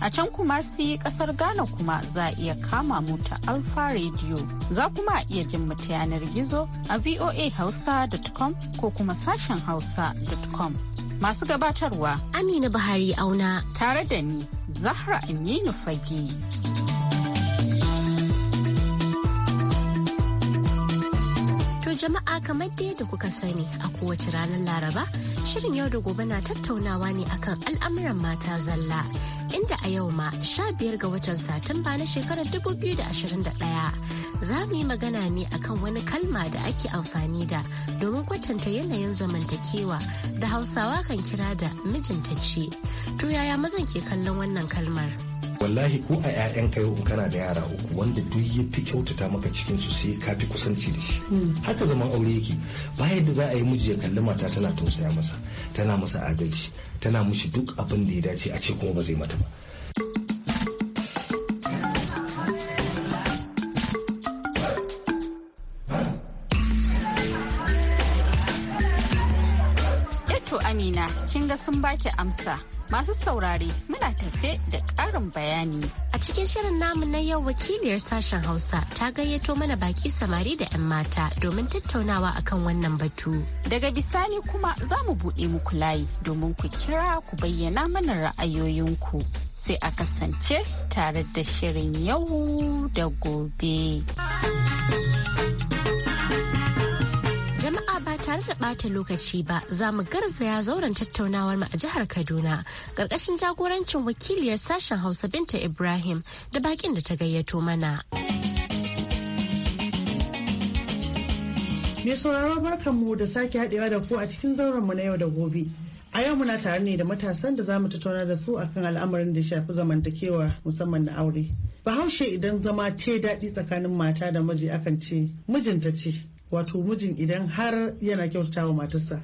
A can kuma si kasar Ghana kuma za a iya kama mu ta Alfa Radio. Za kuma iya jin mu yanar gizo a voahausa.com ko kuma sashen hausa.com. Masu gabatarwa Amina bahari auna tare da ni Zahra Aminu Fage. To jama'a kamar dai da kuka sani a kowace ranar Laraba, shirin yau da gobe na tattaunawa ne akan al'amuran mata zalla. inda a yau ma 15 ga watan Satumba na shekarar 2021 za mu yi magana ne akan wani kalma da ake amfani da domin kwatanta yanayin zamantakewa da Hausawa kan kira da mijinta ce. To yaya mazan ke kallon wannan kalmar? wallahi ko a 'ya'yanka yau in kana da yara uku wanda duk ya fi kyautata maka cikin su sai ka fi kusanci da shi hmm. haka zaman aure yake ba yadda za a yi miji ya kalli mata tana tausaya masa tana masa adalci tana mushi duk abin da ya dace a ce kuma ba zai mata ba Amina, kin ga sun baki amsa. Masu saurare muna tafe da ƙarin bayani. A cikin shirin namu na yau wakiliyar sashen Hausa ta gayyato mana baki samari da 'yan mata domin tattaunawa akan wannan batu. Daga bisani kuma za mu buɗe muku layi domin ku kira ku bayyana mana ra'ayoyinku. Sai a kasance tare da shirin yau da gobe. tare da ɓata lokaci ba za mu garzaya zauren tattaunawar mu a jihar Kaduna ƙarƙashin jagorancin wakiliyar sashen Hausa Binta Ibrahim da bakin da ta gayyato mana. Mai sauraro mu da sake haɗewa da ku a cikin zauren mu na yau da gobe. A yau muna tare ne da matasan da za mu tattauna da su akan al'amarin da shafi zamantakewa musamman na aure. Bahaushe idan zama ce daɗi tsakanin mata da miji akan ce mijinta ce. wato mijin idan har yana kyautata wa matarsa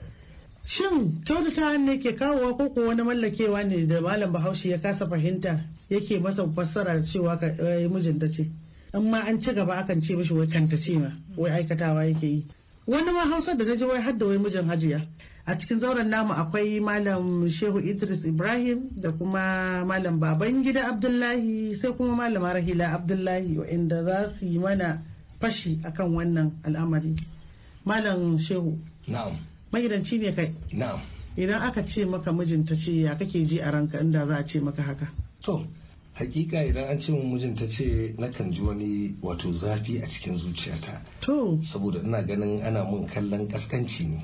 shin kyautata ne ke kawowa ko ko wani mallakewa ne da malam bahaushe ya kasa fahimta yake masa fassara cewa eh, mijinta ce in ma an ci gaba akan ce mishi wai kanta ce ma wai aikatawa yake yi wani ma hausar da naji wai hadda wai mijin hajiya a cikin zauren namu akwai malam shehu idris ibrahim da kuma malam Babangida abdullahi sai kuma malama rahila abdullahi wa'inda za su yi mana fashi akan wannan al'amari malam shehu na'am magidanci ne kai na'am idan aka ce maka mijinta ce ya kake ji a ranka inda za a ce maka haka to hakika idan an ce mijinta ce nakan ji wani wato zafi a cikin zuciyata to saboda ina ganin ana mun kallon kaskanci ne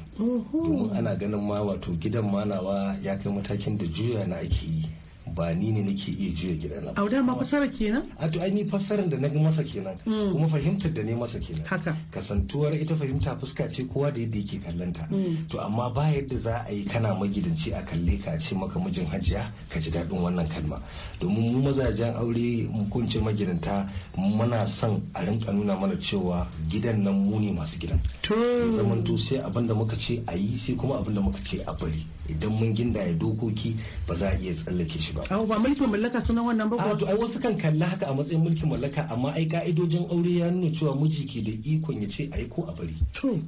domin ana ganin ma wato gidan manawa ya kai matakin da juya na ake yi ba ni ne nake iya juya gidan nan. Auda ma fasara kenan? A to ni fasarar da na masa kenan hmm. kuma fahimtar da ne masa kenan. Haka. Kasantuwar ita fahimta fuska ce kowa da yadda yake kallon ta. Hmm. To amma ba yadda za a yi kana magidanci a kalle ka ce maka mijin hajiya ka ji daɗin wannan kalma. Domin mu mazajen aure kun ce magidanta muna son a rinka nuna mana cewa gidan nan mu ne masu gidan. To. to sai abin da muka ce a yi sai kuma abin da muka ce a bari. Idan mun ginda ya dokoki ba za a iya tsallake shi ba. awo ba mulkin mallaka sunan wannan ba to ai wasu kan kalla haka a matsayin mulkin mallaka amma ai ka'idojin aure ya nuna cewa miji ke da ikon ya ce ai ko a bari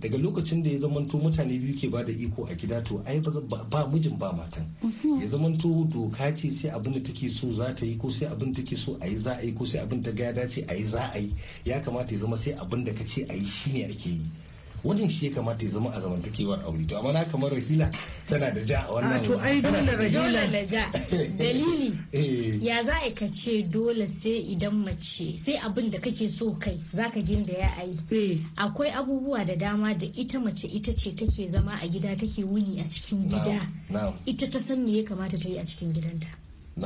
daga lokacin da ya zamanto mutane biyu ke ba da iko a gida to ai ba mijin ba matan mhm. ya zamanto doka ce sai abin da take so za ta yi ko sai abin da take so a yi za a yi ko sai abin ta ga ya dace a yi za a yi ya kamata ya zama sai abin da ka ce a yi shine ake yi Wajen shi ya kamata ya zama a zamantakewar aure to amma na kamar rahila tana da ja a wannan to ai dole rahila dole ja dalili eh. ya za a ka ce dole sai idan mace sai abin da kake so kai zaka ginda ya yi. Eh. akwai abubuwa da dama da ita mace ita ce take zama a gida take wuni a cikin gida ita ta san me ya kamata ta yi a cikin gidanta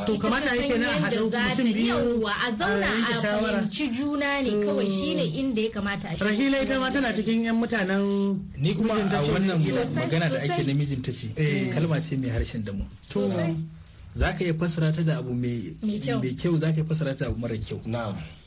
to kamar kamata yake na haɗu mutum biyu a zauna a fahimci juna ne kawai mm. shi ne inda ya kamata a shi rahila ita ma tana cikin yan mutanen ni kuma a wannan magana da ake na mijinta ce eh. kalma ce mai harshen damu to za ka iya fasara ta da abu mai kyau za ka iya fasara ta da abu mara kyau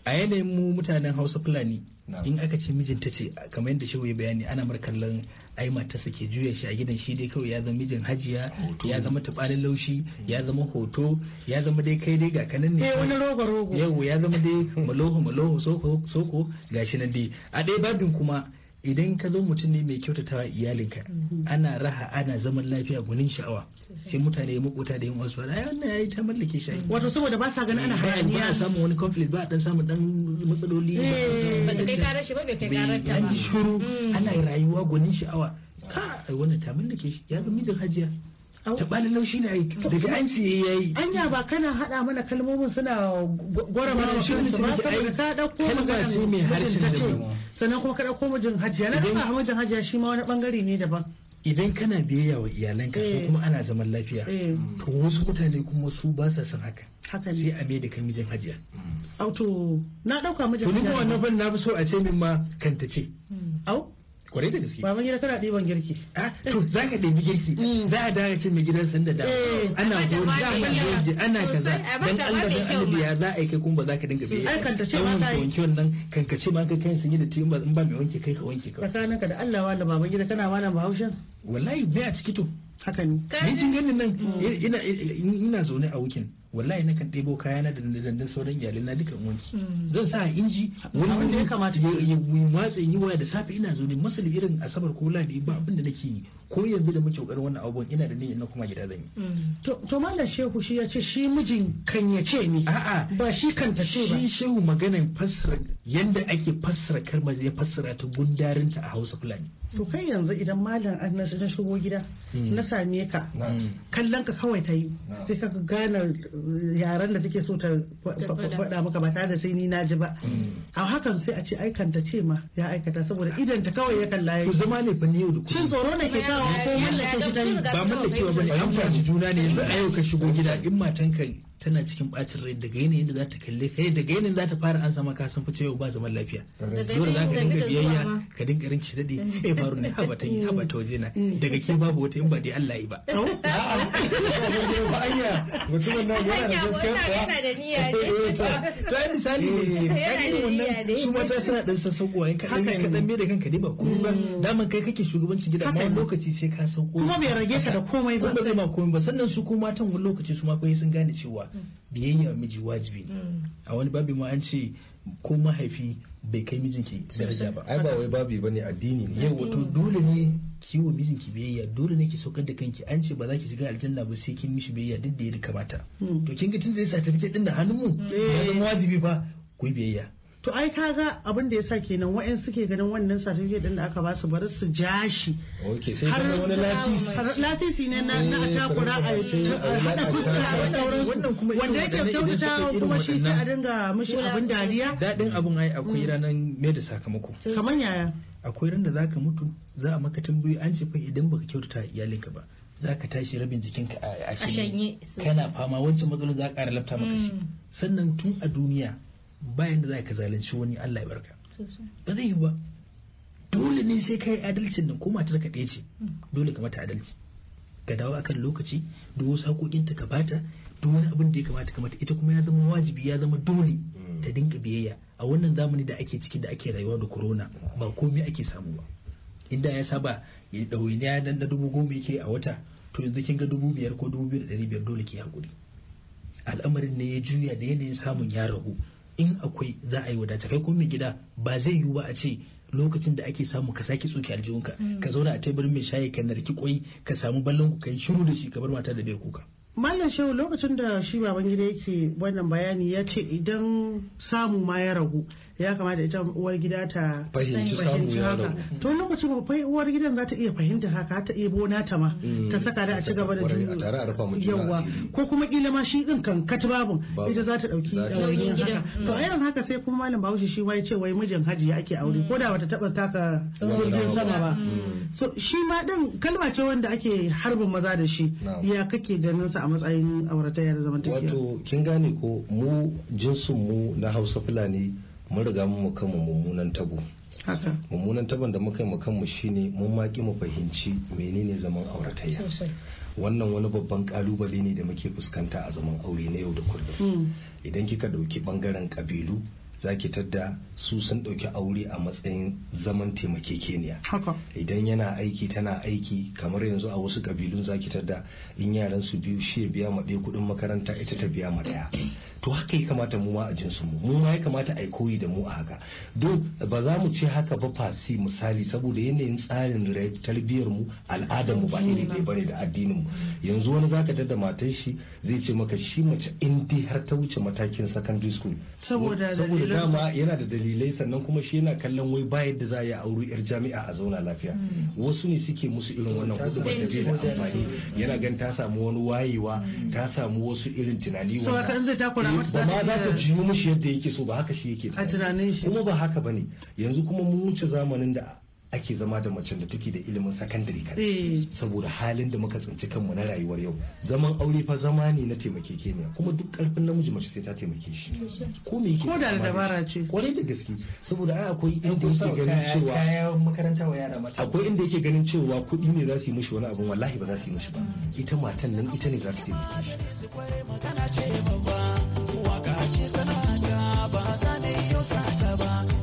a yanayin mu mutanen hausa fulani in aka ce mijinta ce kamar yadda shehu ya bayani ana mar kallon ai matarsa ke juya shi a gidan shi dai kawai ya zama mijin hajiya ya zama tubalin laushi ya zama hoto ya zama dai kai dai ga kanan ne eh, wani rogo rogo yau ya zama dai maloho maloho soko soko gashi nan dai a ɗaya babin kuma idan ka zo mutum ne mai kyautatawa iyalinka mhm. ana raha ana zaman lafiya gunin sha'awa sai mutane makota da yin wasu ba ai wannan yayi ta mallake shi mhm. wato saboda ba sa ganin ana hayaniya ba a samu wani conflict ba a dan samu dan matsaloli eh. ba ta kai karar shi ba bai kai karar ta ba an shiru mm. ana rayuwa gunin sha'awa ka ai wannan ta mallake shi ya ga mijin hajiya ta ɓalin laushi na yi daga an ce ya yi anya ba kana haɗa mana kalmomin suna gwara mana shi ne ce ka ɗauko magana ce mai harshen da sannan kuma ka ko mijin hajiya na a mijin hajiya shi ma wani bangare ne daban idan kana biyayya wa iyalanka ko eh. kuma ana zaman lafiya eh. to wasu mutane kuma su ba sa son haka haka sai a mai da kai mijin hajiya auto na ɗauka mijin hajiya to ni kuma wannan na so a ce min ma kanta ce au kwarai da gaske baban gida kana ɗiban girki ah, to za ka ɗebi girki mm. za a dawo ce mai gidan sanda da eh, ana gori da ana gori ana kaza don Allah dan annabi ya za a yi kai kuma ba za ka dinga biye ai kan ta ce ma ta wanke wannan kan ka ce ma ka kai sun yi da tiyin ba in ba mai wanke kai ka wanke ka tsakaninka da Allah wala baban gida kana ma nan bahaushen wallahi bai a ciki to haka ne ni kin ganin nan mm. ina zaune a wukin wallahi nakan ɗebo kayana da dandan sauran iyalai na dukan wanki hmm. zan sa inji wani ne ya kamata ya yi watsa yi waya da safe ina zo ne masali irin asabar ko ladi ba abin da nake yi ko yanzu da muke kokarin wannan abubuwan ina da niyyar na kuma gida zan yi to malam shehu shi ya ce shi mijin kan ya ce ni a'a ba shi kan ta ce ba shi shehu maganar fassara yanda ake fassara karma ya fassara ta gundarinta a Hausa Fulani to kai yanzu idan malam na shigo gida hmm. na same ka kallon ka kawai ta yi sai ka gane yaren da take so ta faɗa maka ba tare da sai ni na ji ba hmm. a hakan sai a ce aikanta ce ma ya aikata saboda idan ta kawai ya kalla ya yi to zama ne fa ne yau da kullum shin tsoro ne ke kawo ba mallakewa ba ne amfani juna ne yanzu a yau ka shigo gida in matan ka tana cikin bacin rai daga yanayin da za ta kalle kai daga yanayin za ta fara an sama ka san fice yau ba zaman lafiya zuwa za ka dinga biyayya ka dinga rin ci dade mm. eh faru ne haba ta yi haba ta waje na mm. daga ke babu wata in ba dai Allah yi ba ba mutumin nan yana da gaskiya ba eh, to ai misali kai eh, irin wannan su mata suna dan sassaukowa in ka dan ka da kanka dai ba komai ba mm. daman kai kake shugabancin gida amma lokaci sai ka sauko kuma bai rage sa da komai ba sai ba komai ba sannan su kuma matan wani lokaci su ma fa sun gane cewa biyayya miji wajibi ne hmm. a wani babi ma an ce ko mahaifi bai kai mijinki daraja ba ai ba wai babi bane addini ne yau wato dole ne ki wa mijinki biyayya dole ne ki saukar da kanki an ce ba za ki shiga aljanna ba sai kin mishi biyayya duk da ya kamata hmm. to kin ga tunda da hmm. ya tafi din da hannun mu ya wajibi ba ku biyayya to ai ka ga abin da yasa kenan wa'in suke ganin wannan satifiket din da aka ba su bari su ja shi har wani lasisi lasisi ne na na eh, takura a hada fuska a sauran wannan kuma wanda yake kyautata kuma shi sai a dinga mishi abin dariya dadin abin ai akwai mm. ranan me da sakamako kamar yaya akwai ran da zaka mutu za a maka tambayi an ce fa idan baka kyautata iyalinka ba za ka tashi rabin jikinka a shanye kana fama wancan matsalar za ka ƙara lafta maka shi mm. sannan tun a duniya bayan da za ka zalunci wani Allah ya barka ba zai yi ba dole ne sai ka yi adalcin nan ko matar ka ɗaya ce hmm. dole ka mata adalci ka dawo akan lokaci da wasu haƙoƙinta ka bata da wani abin da ya kamata ka mata ita kuma ya zama wajibi ya zama dole hmm. ta dinga biyayya a wannan zamani da ake ciki da ake rayuwa da corona ba komai ake samu ba inda ya saba ya ɗawainiya nan na dubu goma yake a wata to yanzu kin ga dubu biyar ko dubu biyu da ɗari biyar dole ke haƙuri al'amarin ne ya juya da yanayin samun ya ragu in akwai za a yi wadata kai kuma mai gida ba zai yiwu ba a ce lokacin da ake samu ka sake tsoki aljihunka mm. ka zauna a teburin mai shayi ka narki kwai ka samu ballon ku yi shiru da shi ka bar mata da bai kuka Malam Shehu lokacin da shi baban gida yake wannan bayani ya ce idan samu ma ya ragu ya kamata ita uwar gida ta fahimci samu ya ragu. To lokacin ba uwar gidan za ta iya fahimtar haka ta iya bona ta ma mm. ta saka da a ci gaba da yawa ko kuma kila ma shi din kan babu ita za ta dauki daurin haka. Mm. To a haka sai kuma malam Bahaushe shi ma ya ce wai mijin haji ake aure mm. ko da bata taba taka jirgin sama ba. So shi ma din kalma ce wanda ake harbin maza da shi ya kake ganin sa a matsayin auratayya da zamantakewa wato kin gane ko mu jinsin mu na Hausa Fulani mun riga mun mu mummunan tabo mummunan taban da muka yi mu kanmu shine mun maki mu fahimci menene zaman auratayya wannan wani babban kalubale ne da muke fuskanta a zaman aure na yau da kullum hmm. idan kika dauki bangaren kabilu za ki tadda su sun ɗauki aure a matsayin zaman taimakekeniya idan yana aiki tana aiki kamar yanzu a wasu ƙabilun za ki tadda in yaran su biyu shi ya biya ma kuɗin makaranta ita ta biya maɗaya to haka ya kamata mu ma a jinsu mu mu ma ya kamata a koyi da mu a haka do ba za mu ce haka ba fasi misali saboda yanayin tsarin tarbiyyar mu al'adar mu ba iri ɗaya bane da addinin mu yanzu wani zaka tadda matar shi zai ce maka shi mace in dai har ta wuce matakin secondary school saboda wato dama yana da dalilai sannan kuma shi yana kallon wai ba yadda za a yi auri yar jami'a a zauna lafiya hmm. wasu ne suke musu irin wannan kudu ba ta da amfani yana gan ta samu wani wayewa hmm. ta samu wasu irin tunani wanda eh, ba ma za ta jiyo mishi yadda yake so ba haka shi yake kuma ba haka bane yanzu kuma mun wuce zamanin da ake zama da macen da take da ilimin sakandare kan. Eh. saboda halin da muka tsinci kanmu na rayuwar yau zaman aure fa zama ne na taimakekeniya kuma duk karfin namiji mace sai ta taimake shi ko me yake ko da dabara ce kwarai da gaske saboda ai akwai inda yake ganin cewa makaranta wa yara mata akwai inda yake ganin cewa kuɗi ne za su yi mishi wani abu. wallahi ba za su yi mishi ba ita matan nan ita ne za ta taimake shi waka ce sanata ba za ne yau sata ba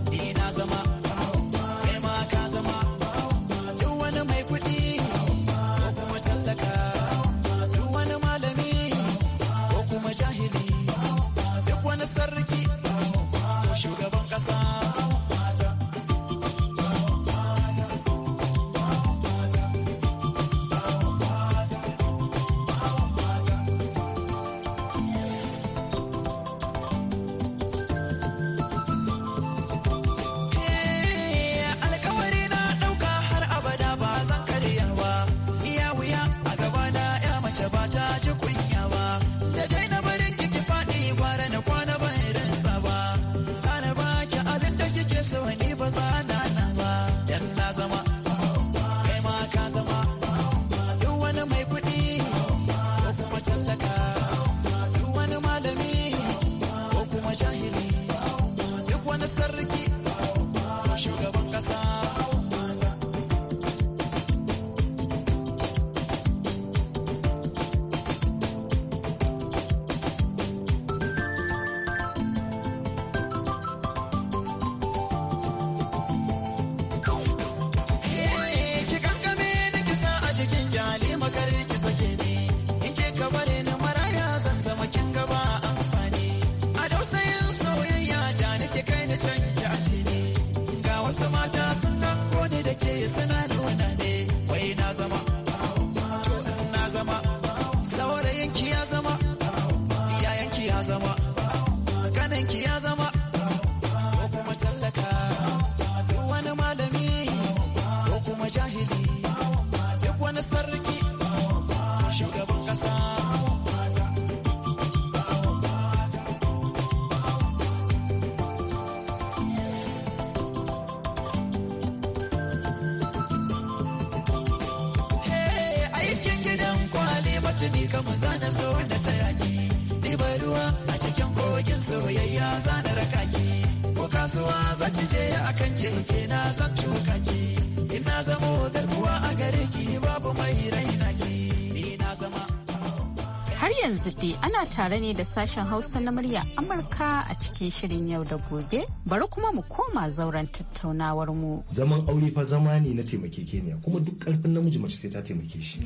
koke na san cukaci ina zamo yanzu dai ana tare ne da sashen Hausa na murya Amurka a cikin shirin yau da gobe. Bari kuma mu koma zauren tattaunawar mu. Zaman aure fa zama ne na taimake Kenya kuma duk karfin namiji mace sai ta taimake shi.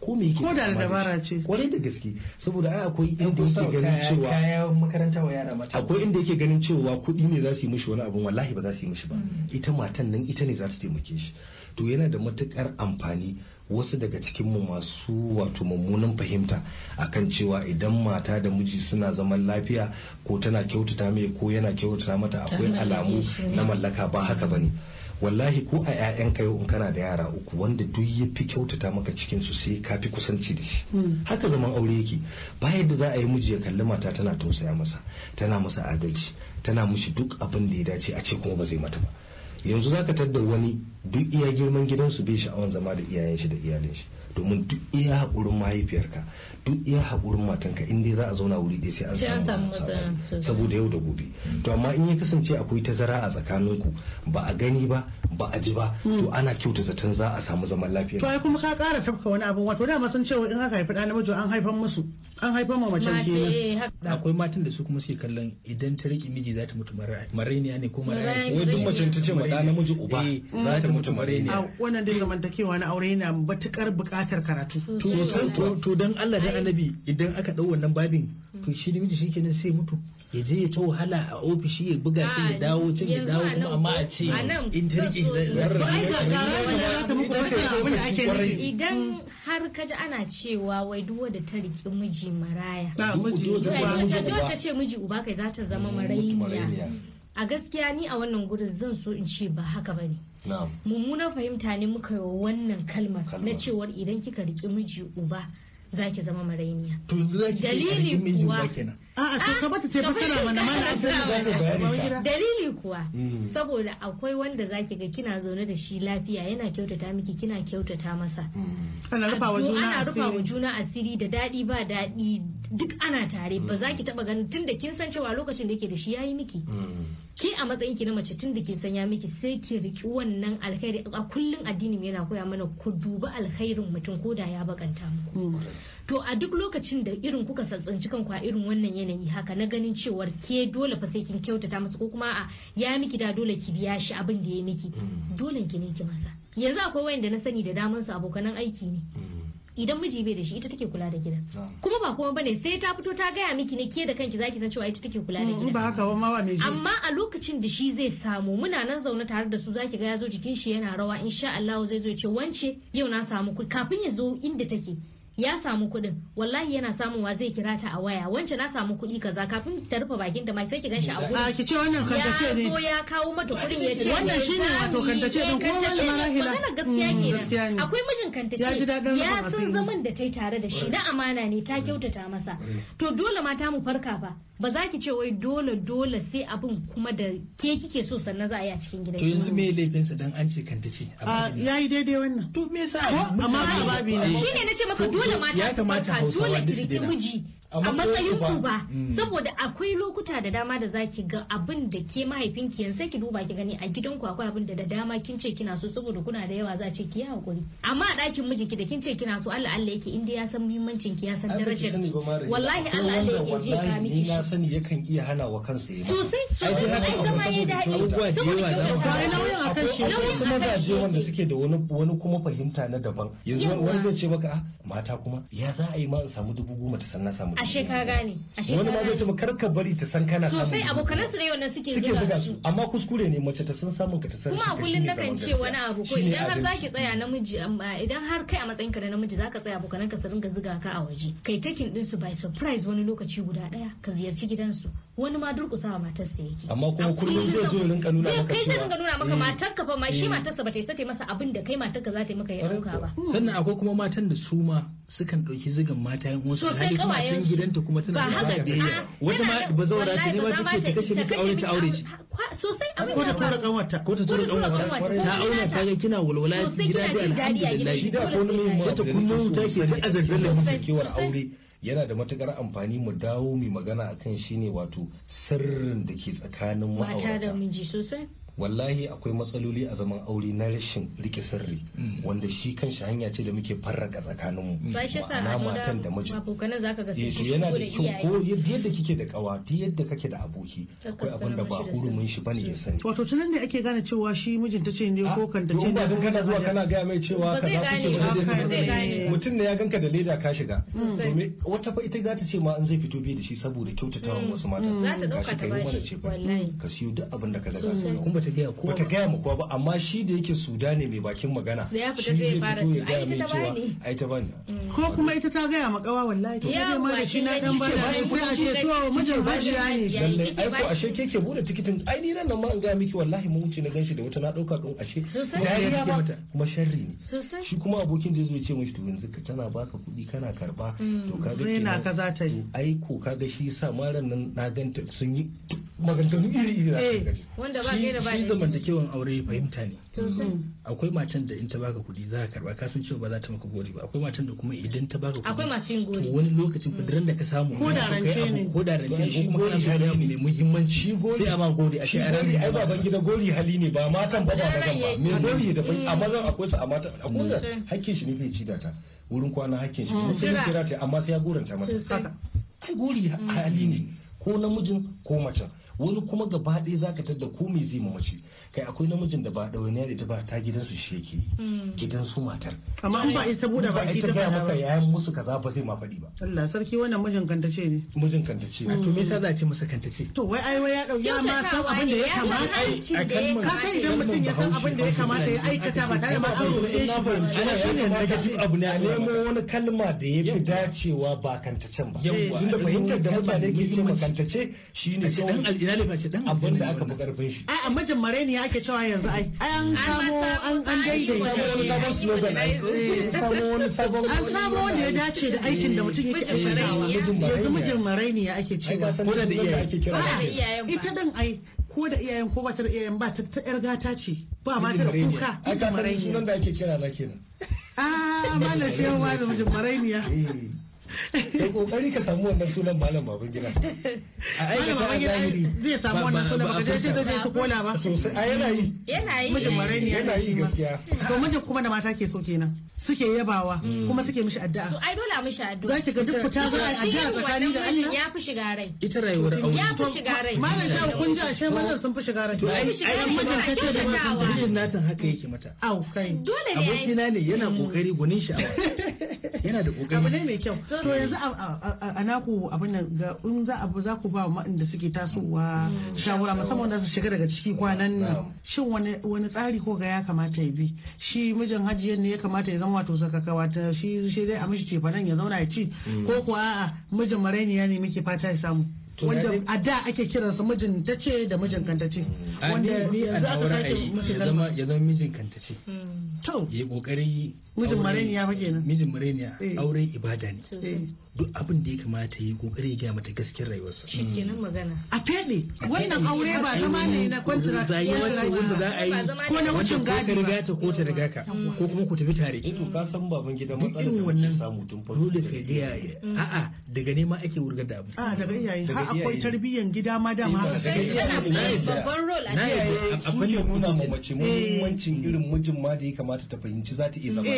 Ko me yake? Ko da dabara ce. Kwarai da gaske saboda ai akwai inda yake ganin cewa kayan makaranta wa yara mata. Akwai inda yake ganin cewa kuɗi ne za su yi mishi wani abu wallahi ba za su yi mishi ba. Hmm. Ita matan nan ita ne za ta taimake shi. To yana da matukar amfani wasu daga cikinmu masu wato mummunan fahimta akan cewa idan mata da miji suna zaman lafiya ko tana kyautata mai ko yana kyautata mata akwai alamu eh. na mallaka ba haka ba ne. wallahi ko a 'ya'yanka yau in kana da yara uku wanda duk ya fi kyautata maka cikin su sai ka fi kusanci da shi hmm. haka zaman aure yake ba yadda za a yi miji ya kalli mata tana tausaya masa tana masa adalci tana mushi duk abin da ya dace a ce kuma ba zai mata ba yanzu za ka tadda wani duk iya girman gidansu bai sha'awan zama da iyayen shi da iyalin shi domin duk iya haƙurin mahaifiyarka duk iya haƙurin matanka in dai za a zauna wuri ɗaya sai an samu saboda yau da gobe to amma in ya kasance akwai tazara a tsakaninku ba a gani ba ba a ji ba hmm. to ana kyauta zaton za a samu zaman lafiya to ai kuma ka ƙara tafka wani abu wato dama sun cewa in aka haifi ɗan namiji an haifan musu an haifan ma mace kenan eh, akwai matan da su kuma suke kallon idan ta riƙe miji za ta mutu maraini ne ko marainiya wai duk mace ta ce ma ɗan namiji uba eh, za ta mutu marainiya wannan dai eh. zamantakewa na aure yana matukar buƙatar buƙatar karatu sosai to to dan Allah da annabi idan aka dau wannan babin to shi da namiji shikenan sai mutu ya je ya ta wahala a ofishi ya buga shi ya dawo can ya dawo kuma amma a ce in ta rike zarra idan har ka ji ana cewa wai duk wanda ta rike miji maraya ta ce miji uba kai za ta zama marayiniya a gaskiya ni a wannan gurin zan so in ce ba haka ba ne Mummuna fahimta ne muka yi wannan kalmar na cewar idan kika riƙi miji uba za ki zama marainiya dalili kuwa A'a to ka bata ce fasara mana mana asali Dalili kuwa hmm. saboda akwai wanda zaki ga kina zaune da shi lafiya yana kyautata miki kina kyautata masa. Hmm. Ana rufa juna asiri. Ana rufa juna asiri da dadi ba dadi duk ana tare ba hmm. za ki taba ganin tunda kin san cewa lokacin da yake da shi yayi miki. Ki a matsayin ki na mace tunda kin san ya miki sai ki riki wannan alkhairi a kullun addini yana koya mana ku duba alkhairin mutum ko da ya bakanta muku. to a duk lokacin da irin kuka tsantsanci kanku a irin wannan yanayi haka na ganin cewar ke dole fa sai kin kyautata masa ko kuma a ya miki da dole ki biya shi abin da ya miki mm. dole ki ne ki masa yanzu akwai wayanda na sani da daman su abokanan aiki ne mm. idan miji bai da shi ita take kula da gidan kuma ba kuma bane sai ta fito ta gaya miki ne ke da kanki zaki san cewa ita take kula da mm, gidan ba haka ba ma mai amma a lokacin da shi zai samu muna nan zaune tare da su zaki ga yazo jikin shi yana rawa insha Allah zai zo ya ce wance yau na samu kafin ya zo inda take ya samu kuɗin wallahi yana samun wa zai kira ta a waya wance na samu kuɗi kaza kafin ta rufe bakin ta mai sai ki ganshi a gurin ki ce wannan kantace ne ya zo ya kawo mata kuɗin ya ce wannan shine wato kantace don ko wannan rahila magana gaskiya mm, kenan akwai mijin kantace ya san zaman da tai tare da shi na amana ne ta kyautata masa to dole mata mu farka fa ba za ki ce wai dole dole sai abin kuma da ke kike so sannan za a yi a cikin gidan to yanzu me laifin sa dan an ce kantace a yayi daidai wannan to me yasa amma ba ne shine nace maka dole ya kamata hausawa dole su dina. a matsayin ku ba mm. saboda akwai lokuta da dama da zaki ga abin da ke mahaifinki yanzu sai ki duba ki gani a gidanku akwai abin da da dama kin ce kina so saboda kuna da yawa za ce ki yi hakuri amma a ɗakin mijinki da kin ce kina so Allah Allah yake inda ya san muhimmancin ki ya san darajar ki wallahi Allah Allah yake je ka miki shi na sani yakan iya hana wa kansa yayi sosai sosai ai zama yayi da haƙi saboda kai nauyin akan shi nauyin mazaje wanda suke da wani wani kuma fahimta na daban yanzu wani zai ce maka ah, mata kuma ya za a yi ma in samu dubu goma ta san na samu ashe ka gane ashe wani ma zai ce kar ka bari ta san kana samun sosai da ne nan suke zuga su amma kuskure ne mace ta san samun ka ta san kuma kullun na kan ce wani abu ko idan har zaki tsaya namiji idan har kai a matsayin ka da namiji zaka tsaya abokan ka su ringa zuga ka a waje kai takin din su by surprise wani lokaci guda daya ka ziyarci gidansu wani ma durkusa wa sa yake amma kuma kullun zai zo ya rinka nuna maka cewa eh, kai ka nuna maka matar ka fa ma shi eh. matar sa ba ta yi sate masa abin da kai matar ka za ta yi maka ya dauka ba sannan akwai kuma matan da su ma sukan ɗauki zigan mata yan wasu sai kuma a gidanta kuma tana da haka biyayya wata ma ba zaura ta ne ma take ta kashe miki aure ta aure shi sosai abin ko ta tura kanwata ko ta tura kanwata ta aure ta ga kina walwala gida da alhamdulillah shi da ko mai wata ta kullum ta ke ta azzalla miki kewar aure yana da matukar amfani mu dawo mu magana akan shine wato sirrin da ke tsakanin ma'aurata mata da miji sosai wallahi akwai matsaloli a zaman aure na rashin rike sirri mm. wanda shi kanshi hanya ce da muke farraga tsakaninmu mm. na matan da miji yesu eh, yana da kyau ko yadda kike da kawa ta yadda kake da aboki akwai abin da ba hurumin shi bane ya sani wato tunan ne ake gane cewa shi mijin ta ce ne ko kan da ce ne ba kana zuwa kana ga mai cewa ka za ku ce ba zai gane mutum ne ya ganka da leda ka shiga domin wata fa ita za ta ce ma an zai fito bi da shi saboda kyautatawa mm. wasu mata za ta dauka ta bashi ka siyo duk abin da ka daga kuma ta gaya kowa ta gaya mu kowa ba amma shi da yake suda ne mai bakin magana shi ya fita zai fara su ai ta bani ai ta bani mm. ko kuma ita ta gaya ma kawa wallahi to dai ma da shi na dan bana sai a ce to mijin shi ne ai ko ashe ke bude tikitin ai ni nan ma in ga miki wallahi mun wuce na ganshi da wata na dauka kan ashe dariya ba kuma sharri ne shi kuma abokin da zai ce mishi to yanzu ka tana baka kuɗi kana karba to mm. kaga kenan kaza ta yi ai ko kaga shi sa maran nan na ganta sun yi maganganu iri iri da wanda ba kai da ba ai zamantakewan aure fahimta ne akwai matan da in ta baka kuɗi za ka karba kasan cewa ba za ta maka gori ba akwai matan da kuma idan ta baka kuɗi akwai masu yin gori wani lokacin kudiran da ka samu ko da rance ne ko da rance ne kuma kana so mai muhimmanci shi gori sai a ma gori a shi gori ai baban gida gori hali ne ba matan ba ba mazan ba me gori da mm. a mazan akwai su a matan a gori hakkin shi ne bai ci data wurin kwana hakkin shi sai mm. ya ce amma sai ya goranta mata ai gori hali ne ko namijin ko macen wani kuma gaba ɗaya za ka tadda ko me zai mamaci kai akwai namijin da ba ɗawainiya da ta ba ta gidansu shi yake yi hmm. gidan su matar amma in ba ita buɗe ba ita gaya maka yayan musu kaza ba zai ma faɗi ba Allah sarki wannan mijin kantace ne mijin kantace ne hmm. to me yasa za a ce masa kantace to wai ai wai ya dau amma ma san abin da ya kamata a ka san idan mutum ya san abin da ya kamata ya aikata ba tare ma an roƙe shi ba shi shine negative abu ne a nemo wani kalma da ya fi dacewa ba kantacen ba eh. tunda fahimtar da mutane ke ce makantacce shine kawai ina a dan abin da aka karfin shi ai amma ake cewa yanzu an samu wani ya dace da aikin da mutum yake aikatawa yanzu mijin marainiya ake cewa ko da iyayen ita ai ko da iyayen ko ba iyayen ba ta gata ce ba ma da kuka aka sunan da ake kira na ah, a da kokari ka samu wannan sunan malam baban gida a aikata a zahiri zai samu wannan sunan baka je ce zai su kola ba sosai a yana yi yana yi yana yi gaskiya to mijin kuma da mata ke so kenan suke yabawa mm. kuma suke mishi addu'a. To ai dole a mishi addu'a. Zaki ga duk fita za a addu'a tsakani da Allah. Ya fi shiga rai. Ita rayuwar aure. Ya fi shiga rai. Malam Shahu kun ji ashe mazan sun fi shiga rai. To ai ai mijin ta ce da mijin natan haka yake mata. Au kai. Dole ne. Abokina ne yana mm. kokari gunin sha'awa. Yana da kokari. Abu ne mai kyau. To yanzu a naku abin nan ga in za a za ku ba da suke tasowa mm. shawara musamman da su shiga daga ciki kwanan nan. Shin wani wani tsari ko ga ya kamata ya bi? Shi mijin hajiyar ne ya kamata ya zama nan wato kawa ta shi shi dai a mishi cefanen ya zauna ya ci mm. ko kuwa a'a mijin marainiya ne muke fata ya samu wanda a da ake kiransa mijin ta ce da mijin kanta ce mm. wanda za ka sake mishi kalma ya zama mijin kanta ce mm. to ya kokari mijin marainiya fa kenan mijin marainiya eh. aure ibada ne eh. duk abin da ya kamata yi kokari ya gaya mata gaskiyar rayuwarsa kenan magana a fede wannan aure ba zama ne na contract zai wace wanda za a yi ko na wucin gadi ba riga ta ko ta riga ka ko kuma ku tafi tare ito eh ka san baban gida matsalar da wannan samu tun farko dole ka ga mm. a'a daga nema ake wurgar da abu a daga iyaye har akwai tarbiyan gida ma da ma eh, daga iyaye babban role a iyaye su ke nuna ma mace muhimmancin eh. irin mijin ma da ya kamata ta fahimci za ta iya zama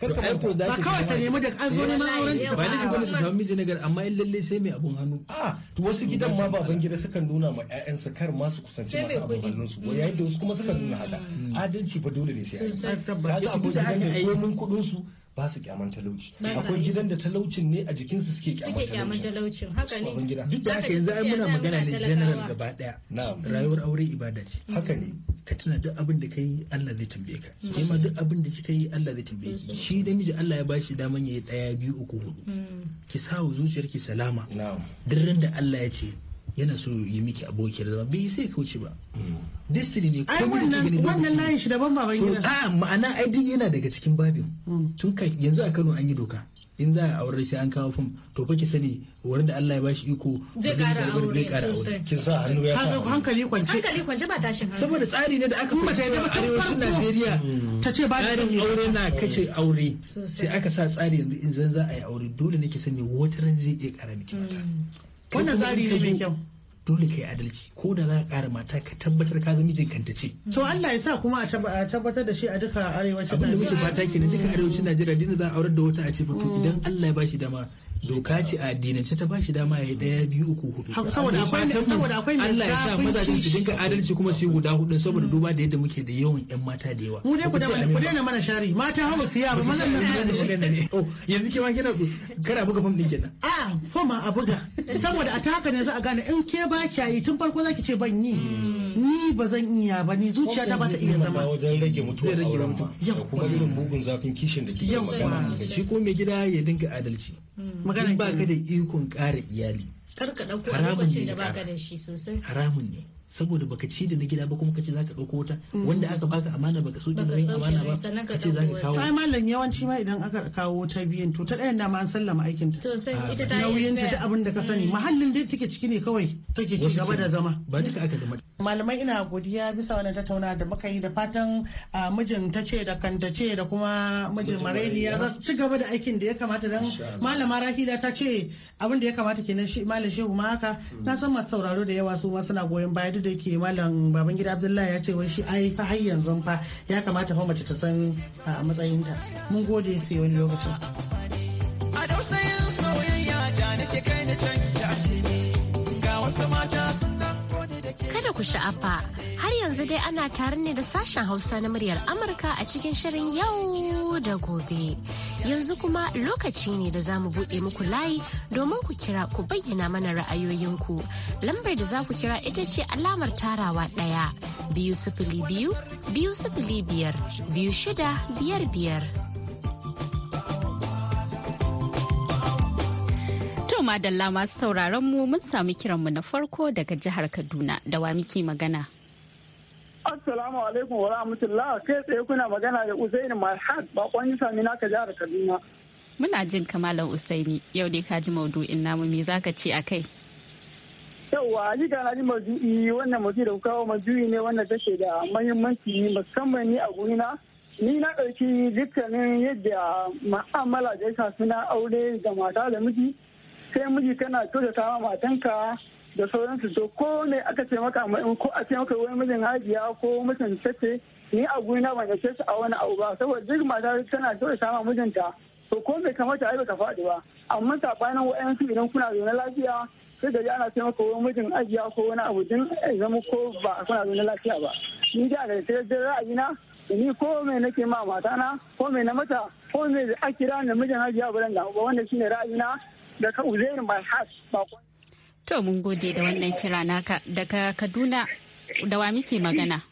Kar ba kawai ta nemi da an zo neman auren ta ba ne gwamnati samu miji nagar amma in lalle sai mai abun hannu a ah, to wasu gidan ma baban gida sukan nuna ma ƴaƴansu kar ma su kusanci masu abun hannun su yayin da wasu kuma sukan nuna haka mm. adalci fa dole ne sai an yi kaga abun gidan ne komin kuɗin su ba su kyaman talauci akwai gidan da talaucin ne a jikinsu suke kyaman talaucin haka ne duk da haka yanzu ai muna magana ne general gaba daya rayuwar aure ibada ce haka ne ka tuna duk abin da kai Allah zai tambaye ka mm. ke ma duk abin da kika yi Allah zai tambaye ki mm. shi namiji Allah ya bashi daman yi daya biyu uku hudu mm. ki sawo zuciyarki salama duk da Allah ya ce yana so yi miki abokiyar zama bai sai kauce ba hmm. destiny ne ai wannan wannan layin shi daban baban gida a ah, ma'ana ai duk yana daga cikin babin hmm. tun kai yanzu a Kano an yi doka in za a aurar sai an kawo fam to fa ki sani wurin da Allah ya bashi iko zai kara aure kin sa hannu ya sa hankali kwance hankali kwance ba tashin hankali saboda tsari ne da aka kuma sai da arewacin Najeriya hmm. ta ce ba tsarin aure na kashe aure sai aka sa tsari yanzu in zan za a yi aure dole ne ki sani wataran zai iya kara miki mata Wannan tsari ne mai dole ka yi adalci ko da za ka ƙara mata ka tabbatar ka ga mijin kanta ce. to Allah ya sa kuma a tabbatar da shi a duka arewacin Najeriya. abin da muke fata kenan duka arewacin Najeriya dinda za a aurar da wata a ce to mm. idan Allah ya bashi dama doka ce a addinance ta bashi dama ya yi daya biyu uku hudu. saboda akwai saboda akwai Allah ya sa mazajen su dinga adalci kuma su yi guda hudu saboda mm. duba da yadda muke da yawan yan mata da yawa. mu dai ku daina mana shari mata hawa su yaba mazan nan da shi ne. oh yanzu ke ma kina kana buga fam din kenan. a ah, fama a buga saboda a ta haka ne za a gane in ke ba kya yi tun farko zaki ce ban yi ni ba zan iya ba ni zuciya ta ba ta iya zama wajen rage mutuwar auren ma da kuma irin bugun zafin kishin da kike magana shi ko mai gida ya dinga adalci magana ba ka da ikon kara iyali kar ka dauko lokacin da baka da shi sosai haramun ne saboda baka ci da na gida ba kuma kace zaka dauko wata mm. wanda aka baka amana baka so da mai amana ba kace zaka kawo kai mallam yawanci ma idan aka kawo ta biyan to ta dayan da ma an sallama aikin ta to sai ah, ita ta nauyin ta abin da ka sani mm. mahallin da take ciki ne kawai take ci gaba da zama ba duka aka zama malamai ina godiya bisa wannan tattauna da muka yi da fatan ah, mijin ta ce da kanta ce da kuma mijin mareniya za su ci gaba da aikin da ya kamata dan malama rahila ta ce abin da ya kamata kenan shi malam shehu ma haka mm. na san masu sauraro da yawa su ma suna goyon baya da ke malam babangida abdullahi ya ce wai shi ai fa har yanzu fa ya kamata fa mace ta san a matsayinta mun gode sai wani lokacin a dausayin soyayya ja nake kai na can ya ce ga wasu mata sun kada ku sha'afa har yanzu dai ana tare ne da sashen hausa na muryar amurka a cikin shirin yau da gobe yanzu kuma lokaci ne da za mu buɗe muku layi domin ku kira ku bayyana mana ra'ayoyinku lambar da za ku kira ita ce alamar tarawa ɗaya biyu sifili biyu biyu sifili biyar biyu shida biyar biyar madalla masu sauraron mu mun sami kiranmu na farko daga jihar Kaduna da wa muke magana. Assalamu alaikum wa rahmatullah kai tsaye kuna magana da Usaini Mahad bakon sami naka jihar Kaduna. Muna jin kamalan Usaini yau dai ka ji maudu'in namu me zaka ce a kai? Yauwa ni na ji maudu'i wannan maudu'i da kuka kawo maudu'i ne wanda take da muhimmanci musamman ni a gurina ni na ɗauki dukkanin yadda ma'amala da ya suna aure da mata da miji sai miji kana kyautata ma matanka da sauransu to ko ne aka ce maka ko a ce maka wani mijin hajiya ko mutum tace ni a gurina ban da su a wani abu ba saboda duk mata tana kyautata ma mijinta to ko bai kamata ai baka faɗi ba amma sabanin wa'ansu idan kuna zaune lafiya sai da ana ce maka wani mijin ajiya ko wani abu din zama ko ba kuna zaune lafiya ba ni da ga sai da ra'ayina ni ko me nake ma matana ko me na mata ko me a kira na mijin hajiya ba ba wanda shine ra'ayina daga Uzair mai has To mun gode da wannan kira naka daga Kaduna da wa muke magana.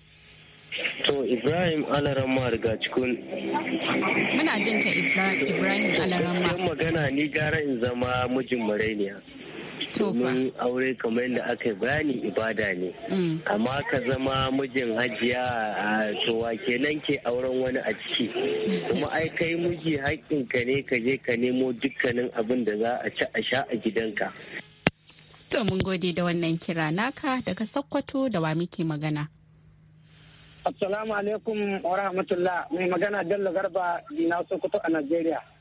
To Ibrahim Alaramma daga cikin. Muna jinka Ibrahim Alaramma. Yan magana ni gara in zama mijin Mureniya. domin aure kamar yadda aka yi bayani ibada ne mm. amma ka zama mijin hajiya a towa kenan ke auren wani a ciki kuma ai kai miji haƙƙinka ne ka je ka nemo dukkanin abin da za a ci a sha a gidanka To mun gode da wannan kira naka daga Sokoto da wa muke magana. Assalamu alaikum wa rahmatullah mai magana Bello Garba Dina Sokoto a Najeriya.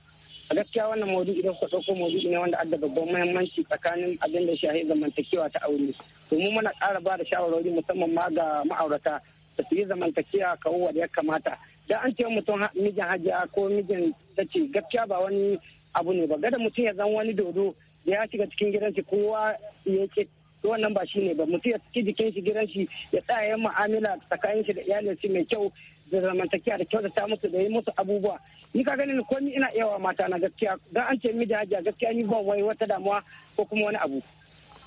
a gaskiya wannan maudu'i idan kuka ɗauko maudu'i ne wanda adda babban muhimmanci tsakanin abin da shahi zamantakewa ta aure to mu muna ƙara ba da shawarwari musamman ma ga ma'aurata da su yi zamantakewa kawo da ya kamata da an ce mutum mijin hajiya ko mijin ta ce gaskiya ba wani abu ne ba gada mutum ya zama wani dodo da ya shiga cikin gidan shi kowa ya ce wannan ba shi ne ba mutum ya ciki jikin shi gidan shi ya tsaya ya mu'amala tsakanin shi da iyalin shi mai kyau da zamantakiya da ta musu da yi musu abubuwa ni ka ganin komi ina yawa mata na gaskiya dan an ce miji hajiya gaskiya ni ban wai wata damuwa ko kuma wani abu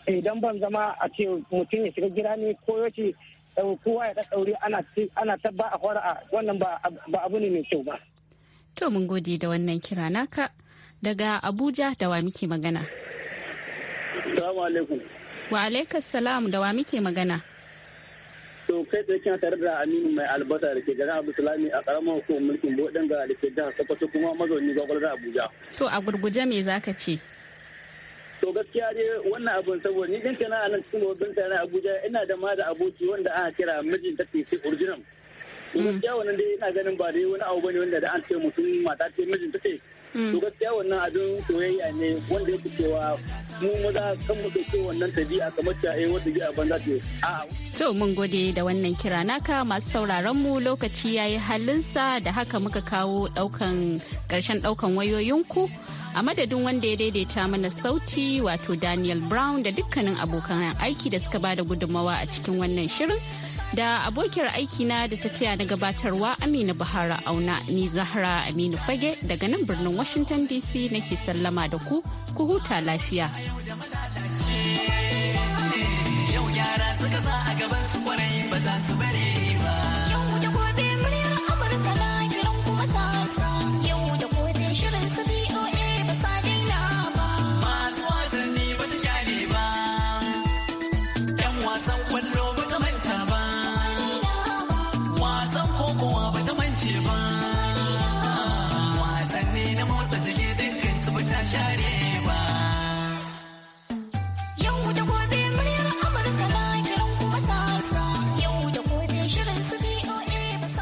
idan eh, ban zama a ce mutum ya shiga gida ne ko ce eh, kowa ya ɗaɗɗaure ana tabba a a wannan ba abu ne mai kyau ba. To mun gode da wannan kira naka daga Abuja da wa muke magana. Salamu alaikum. Wa alaikas salam da wa muke magana. to kai tsaye kina tare da aminu mai albasa da ke garin abdulsalami a karamar hukumar mulkin bodin ga da ke jihar sokoto kuma mazauni gwagwarza abuja to a gurguje me zaka ce to gaskiya dai wannan abun saboda ni kana na nan cikin babban tare abuja ina da ma da aboki wanda aka kira mijin ta ke original gaskiya wannan dai ina ganin ba dai wani abu bane wanda da an ce mutum mata ce mijin ta ce to gaskiya wannan abin soyayya ne wanda yake cewa mu maza kan mu dauke wannan tabi'a kamar ta eh wata bi'a banza ce a to mun gode da wannan kira naka masu sauraron mu lokaci yayi halinsa da haka muka kawo daukan karshen daukan wayoyinku a madadin wanda ya daidaita mana sauti wato daniel brown da dukkanin abokan aiki da suka bada gudummawa a cikin wannan shirin da abokiyar aikina da ta taya na gabatarwa Amina Bahara Auna ni Zahra Aminu Fage daga nan birnin Washington DC nake sallama da ku ku huta lafiya. Yau yara suka za a gaban su kwarai ba za su bare